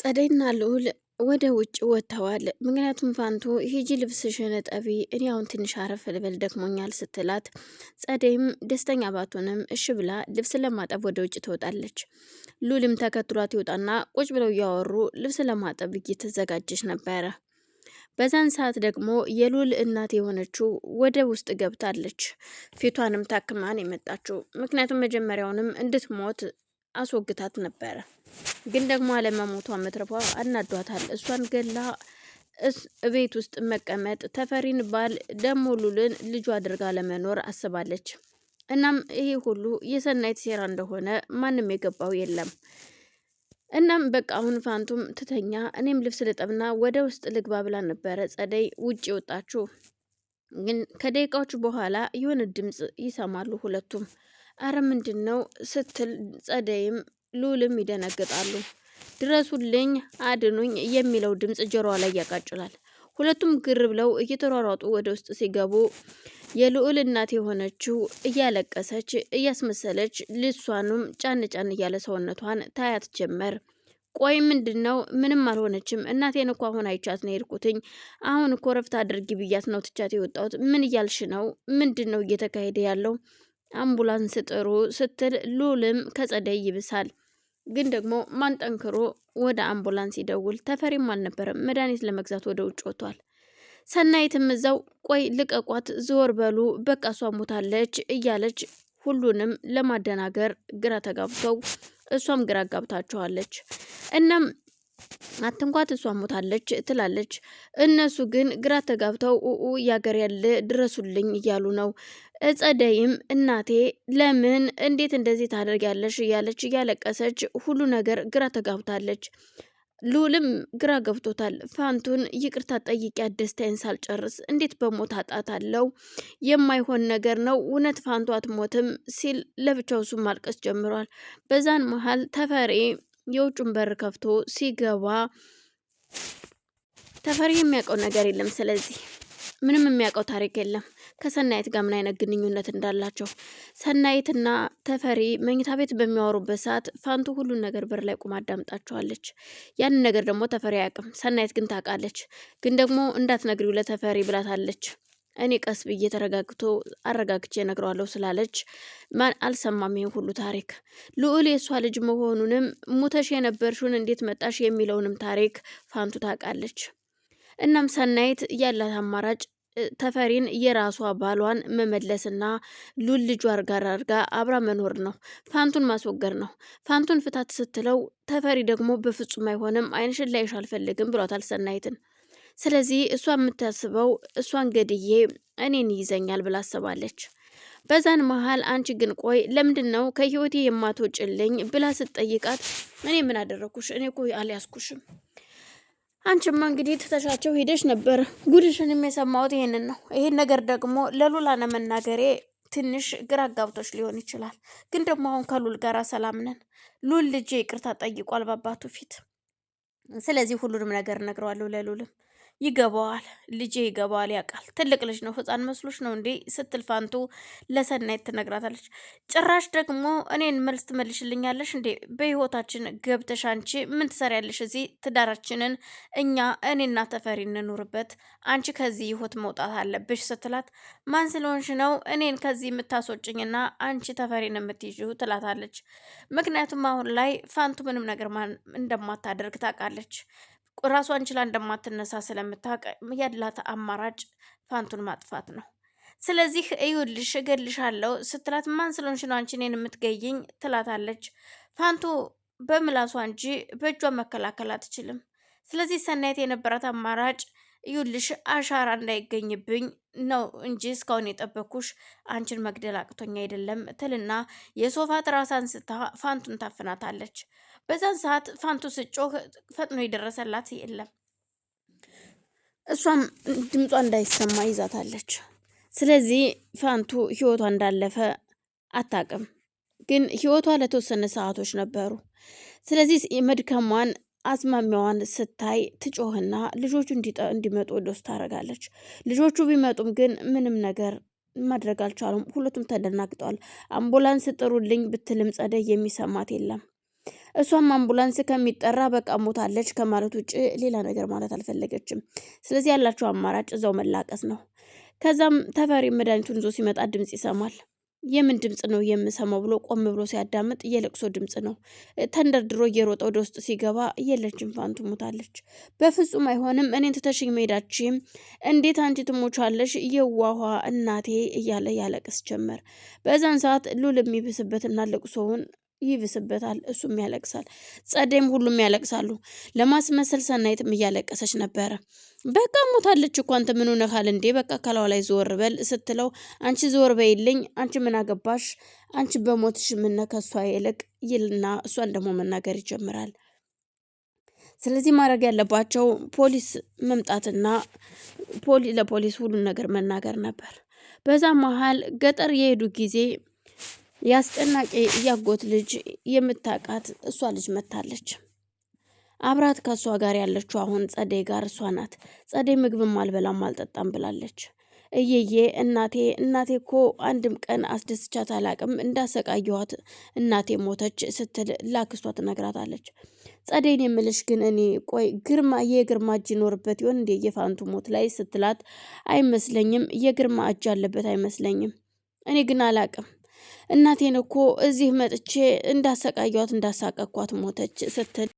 ጸደይና ልዑል ወደ ውጭ ወጥተዋል። ምክንያቱም ፋንቱ ሂጂ ልብስሽን እጠቢ፣ እኔ አሁን ትንሽ አረፍ ልበል ደክሞኛል ስትላት፣ ጸደይም ደስተኛ ባትሆንም እሺ ብላ ልብስ ለማጠብ ወደ ውጭ ትወጣለች። ሉልም ተከትሏት ይወጣና ቁጭ ብለው እያወሩ ልብስ ለማጠብ እየተዘጋጀች ነበረ። በዛን ሰዓት ደግሞ የሉል እናት የሆነችው ወደ ውስጥ ገብታለች። ፊቷንም ታክማን የመጣችው ምክንያቱም መጀመሪያውንም እንድትሞት አስወግታት ነበረ። ግን ደግሞ አለመሞቷ መትረፏ አናዷታል። እሷን ገላ ቤት ውስጥ መቀመጥ ተፈሪን ባል ደሞ ሉልን ልጁ አድርጋ ለመኖር አስባለች። እናም ይሄ ሁሉ የሰናይት ሴራ እንደሆነ ማንም የገባው የለም። እናም በቃ አሁን ፋንቱም ትተኛ፣ እኔም ልብስ ልጠብና ወደ ውስጥ ልግባ ብላ ነበረ ጸደይ ውጭ ወጣችሁ። ግን ከደቂቃዎቹ በኋላ የሆነ ድምፅ ይሰማሉ ሁለቱም። አረ ምንድን ነው ስትል ጸደይም ሉልም ይደነግጣሉ። ድረሱልኝ፣ አድኑኝ የሚለው ድምፅ ጆሮዋ ላይ ያቃጭላል። ሁለቱም ግር ብለው እየተሯሯጡ ወደ ውስጥ ሲገቡ የልዑል እናት የሆነችው እያለቀሰች እያስመሰለች ልሷንም ጫን ጫን እያለ ሰውነቷን ታያት ጀመር። ቆይ ምንድን ነው? ምንም አልሆነችም። እናቴን እኮ አሁን አይቻት ነው የሄድኩትኝ። አሁን እኮ ረፍት አድርጊ ብያት ነው ትቻት የወጣሁት። ምን እያልሽ ነው? ምንድን ነው እየተካሄደ ያለው? አምቡላንስ ጥሩ ስትል ሉልም ከጸደይ ይብሳል። ግን ደግሞ ማን ጠንክሮ ወደ አምቡላንስ ይደውል? ተፈሪም አልነበረም። መድኃኒት ለመግዛት ወደ ውጭ ወጥቷል። ሰናይትም እዛው ቆይ ልቀቋት፣ ዘወር በሉ በቃ እሷ ሞታለች እያለች ሁሉንም ለማደናገር ግራ ተጋብተው እሷም ግራ ጋብታቸዋለች። እናም አትንኳት እሷ ሞታለች ትላለች። እነሱ ግን ግራ ተጋብተው ኡኡ እያገር ያለ ድረሱልኝ እያሉ ነው። እጸደይም እናቴ ለምን እንዴት እንደዚህ ታደርጊያለሽ እያለች እያለቀሰች ሁሉ ነገር ግራ ተጋብታለች። ልዑልም ግራ ገብቶታል። ፋንቱን ይቅርታ ጠይቂያት ደስታዬን ሳልጨርስ እንዴት በሞት አለው የማይሆን ነገር ነው እውነት ፋንቱ አትሞትም ሲል ለብቻው ማልቀስ ጀምሯል። በዛን መሀል ተፈሬ ። የውጩን በር ከፍቶ ሲገባ ተፈሪ የሚያውቀው ነገር የለም። ስለዚህ ምንም የሚያውቀው ታሪክ የለም። ከሰናይት ጋር ምን አይነት ግንኙነት እንዳላቸው ሰናይትና ተፈሪ መኝታ ቤት በሚያወሩበት ሰዓት ፋንቱ ሁሉን ነገር በር ላይ ቁማ አዳምጣቸዋለች። ያንን ነገር ደግሞ ተፈሪ አያውቅም፣ ሰናይት ግን ታውቃለች። ግን ደግሞ እንዳትነግሪው ለተፈሪ ብላታለች። እኔ ቀስ ብዬ ተረጋግቶ አረጋግቼ ነግረዋለሁ ስላለች ማን አልሰማም። ይሄን ሁሉ ታሪክ ልዑል የእሷ ልጅ መሆኑንም ሙተሽ የነበርሽውን እንዴት መጣሽ የሚለውንም ታሪክ ፋንቱ ታውቃለች። እናም ሰናይት ያላት አማራጭ ተፈሪን የራሷ ባሏን መመለስና ሉል ልጇ ጋር አድርጋ አብራ መኖር ነው። ፋንቱን ማስወገድ ነው። ፋንቱን ፍታት ስትለው ተፈሪ ደግሞ በፍጹም አይሆንም፣ አይንሽን ላይሽ አልፈልግም ብሏታል ሰናይትን ስለዚህ እሷ የምታስበው እሷን ገድዬ እኔን ይይዘኛል ብላ አስባለች። በዛን መሀል አንቺ ግን ቆይ ለምንድን ነው ከህይወቴ የማትወጭልኝ ብላ ስትጠይቃት እኔ ምን አደረግኩሽ? እኔ እኮ አልያዝኩሽም። አንቺማ እንግዲህ ትተሻቸው ሄደሽ ነበር። ጉድሽንም የሰማሁት ይሄንን ነው። ይሄን ነገር ደግሞ ለሉላ ለመናገሬ ትንሽ ግራ አጋብቶች ሊሆን ይችላል። ግን ደግሞ አሁን ከሉል ጋር ሰላም ነን። ሉል ልጄ ይቅርታ ጠይቋል በአባቱ ፊት። ስለዚህ ሁሉንም ነገር እነግረዋለሁ ለሉልም ይገባዋል፣ ልጄ ይገባዋል፣ ያውቃል። ትልቅ ልጅ ነው፣ ህፃን መስሎች ነው እንዴ ስትል ፋንቱ ለሰናይት ትነግራታለች። ጭራሽ ደግሞ እኔን መልስ ትመልሽልኛለሽ እንዴ? በህይወታችን ገብተሽ አንቺ ምን ትሰሪያለሽ እዚህ? ትዳራችንን እኛ እኔና ተፈሪ እንኑርበት፣ አንቺ ከዚህ ህይወት መውጣት አለብሽ ስትላት፣ ማን ስለሆንሽ ነው እኔን ከዚህ የምታስወጭኝና አንቺ ተፈሪን የምትይዥው? ትላታለች። ምክንያቱም አሁን ላይ ፋንቱ ምንም ነገር እንደማታደርግ ታውቃለች። ራሷን ችላ እንደማትነሳ ስለምታውቅ ያላት አማራጭ ፋንቱን ማጥፋት ነው። ስለዚህ እዩልሽ እገልሻለሁ ስትላት ማን ስለሆንሽ ነው አንቺ እኔን የምትገይኝ ትላታለች። ፋንቱ በምላሷ እንጂ በእጇ መከላከል አትችልም። ስለዚህ ሰናይት የነበራት አማራጭ ይኸውልሽ አሻራ እንዳይገኝብኝ ነው እንጂ እስካሁን የጠበኩሽ አንቺን መግደል አቅቶኝ አይደለም ትልና የሶፋ ትራስ አንስታ ፋንቱን ታፍናታለች። በዛን ሰዓት ፋንቱ ስጮህ ፈጥኖ የደረሰላት የለም። እሷም ድምጿ እንዳይሰማ ይዛታለች። ስለዚህ ፋንቱ ህይወቷ እንዳለፈ አታቅም፣ ግን ህይወቷ ለተወሰነ ሰዓቶች ነበሩ። ስለዚህ የመድከሟን አዝማሚያዋን ስታይ ትጮህና ልጆቹ እንዲመጡ ወደ ውስጥ ታደርጋለች። ልጆቹ ቢመጡም ግን ምንም ነገር ማድረግ አልቻሉም። ሁለቱም ተደናግጠዋል። አምቡላንስ ጥሩልኝ ብትልም ጸደይ የሚሰማት የለም። እሷም አምቡላንስ ከሚጠራ በቃ ሞታለች ከማለት ውጭ ሌላ ነገር ማለት አልፈለገችም። ስለዚህ ያላቸው አማራጭ እዛው መላቀስ ነው። ከዛም ተፈሪ መድኃኒቱን ይዞ ሲመጣ ድምፅ ይሰማል። የምን ድምፅ ነው የምሰማው ብሎ ቆም ብሎ ሲያዳምጥ የለቅሶ ድምፅ ነው። ተንደርድሮ እየሮጠ ወደ ውስጥ ሲገባ የለችም፣ ፋንቱ ሞታለች። በፍጹም አይሆንም፣ እኔን ትተሽኝ መሄዳችም እንዴት አንቺ ትሞቻለሽ? የዋኋ እናቴ እያለ ያለቅስ ጀመር። በዛን ሰዓት ሉል የሚብስበትና ለቅሶውን ይብስበታል፣ እሱም ያለቅሳል። ጸደይም፣ ሁሉም ያለቅሳሉ። ለማስመሰል ሰናይትም እያለቀሰች ነበረ። በቃ ሞታለች እኮ አንተ ምን ሆነሃል እንዴ? በቃ ከላዋ ላይ ዞር በል ስትለው አንቺ ዞር በይልኝ፣ አንቺ ምን አገባሽ? አንቺ በሞትሽ ምነ ከሷ ይልቅ ይልና እሷን ደግሞ መናገር ይጀምራል። ስለዚህ ማድረግ ያለባቸው ፖሊስ መምጣትና ለፖሊስ ሁሉን ነገር መናገር ነበር። በዛ መሀል ገጠር የሄዱ ጊዜ የአስጨናቂ እያጎት ልጅ የምታውቃት እሷ ልጅ መታለች። አብራት ከእሷ ጋር ያለችው አሁን ጸደይ ጋር እሷ ናት። ጸደይ ምግብም አልበላም አልጠጣም ብላለች። እየዬ እናቴ እናቴ እኮ አንድም ቀን አስደስቻት አላቅም እንዳሰቃየኋት እናቴ ሞተች ስትል ላክስቷ ትነግራታለች። ጸደይን የምልሽ ግን እኔ ቆይ ግርማ የግርማ እጅ ይኖርበት ይሆን እንዴ የፋንቱ ሞት ላይ ስትላት፣ አይመስለኝም የግርማ እጅ አለበት አይመስለኝም። እኔ ግን አላቅም እናቴን እኮ እዚህ መጥቼ እንዳሰቃየዋት እንዳሳቀኳት ሞተች ስትል